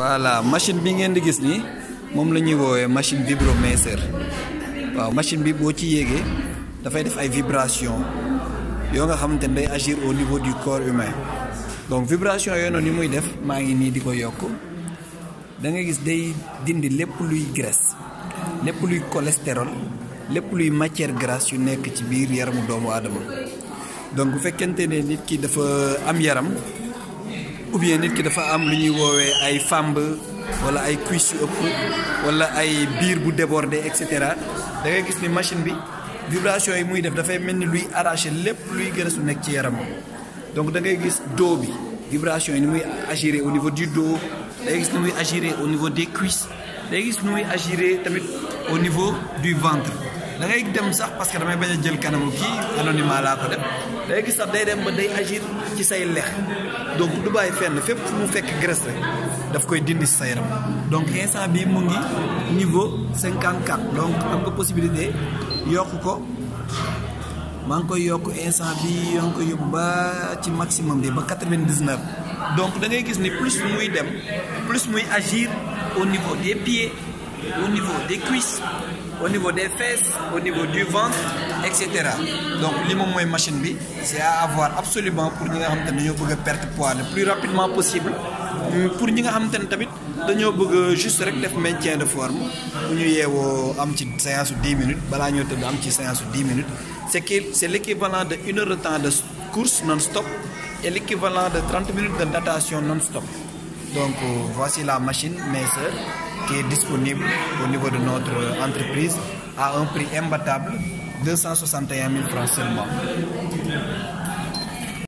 voilà machine bi ngeen di gis nii moom la ñuy woowee machine vibromasseur waaw machine bi boo ci yéegee dafay def ay vibration yoo nga xamante ne day agir au niveau du corps humain donc vibration yoonoon yi ni muy def maa ngi nii di ko yokk da nga gis day dindi lépp luy graisse lépp luy cholestérol lépp luy matière grasse yu nekk ci biir yaramu doomu aadama donc bu fekkente ne nit ki dafa am yaram ou nit ki dafa am lu ñuy woowee ay fàmb wala ay cuisse yu ëpp wala ay biir bu débordé et cetera da ngay gis ni machine bi vibration yi muy def dafay mel ni luy arraché lépp luy gën su nekk ci yaram donc da ngay gis doo bi vibration yi ni muy agiré au niveau du doo da gis ni muy agiré au niveau des cuisses da ngay gis ni muy agiré tamit au niveau du ventre da ngay dem sax parce que damay bañ a jël kanamu kii anonymat laa ko dem da gis sax day dem ba day agir ci say lex donc du bàyyi fenn fépp fu mu fekk graisse rek daf koy dindi si sa yaram donc instant bi mu ngi niveau 54 donc am nga possibilité yokk ko maa ngi koy yokk instant bi yaa ngi koy yóbbu ba ci maximum bi ba 99 donc dangay gis ni plus muy dem plus muy agir au niveau des pieds au niveau des cuisses au niveau des fesses au niveau du ventre et cetera donc li moom mooy machine bi c'est à avoir absolument pour ñi nga xam te ne dañoo bëgg perte poids le plus rapidement possible mm, pour ñi nga xam te ne tamit dañoo bëgg juste rek def maintien de forme bu ñu yeewoo am ci séance su 10 minutes bala ñoo tëdd am ci séance su 10 minutes c'est que l'équivalent de une heure de temps de course non-stop et l'équivalent de 30 minutes de natation non-stop Donc voici la machine Messer qui est disponible au niveau de notre entreprise à un prix imbattable, 261 000 francs seulement.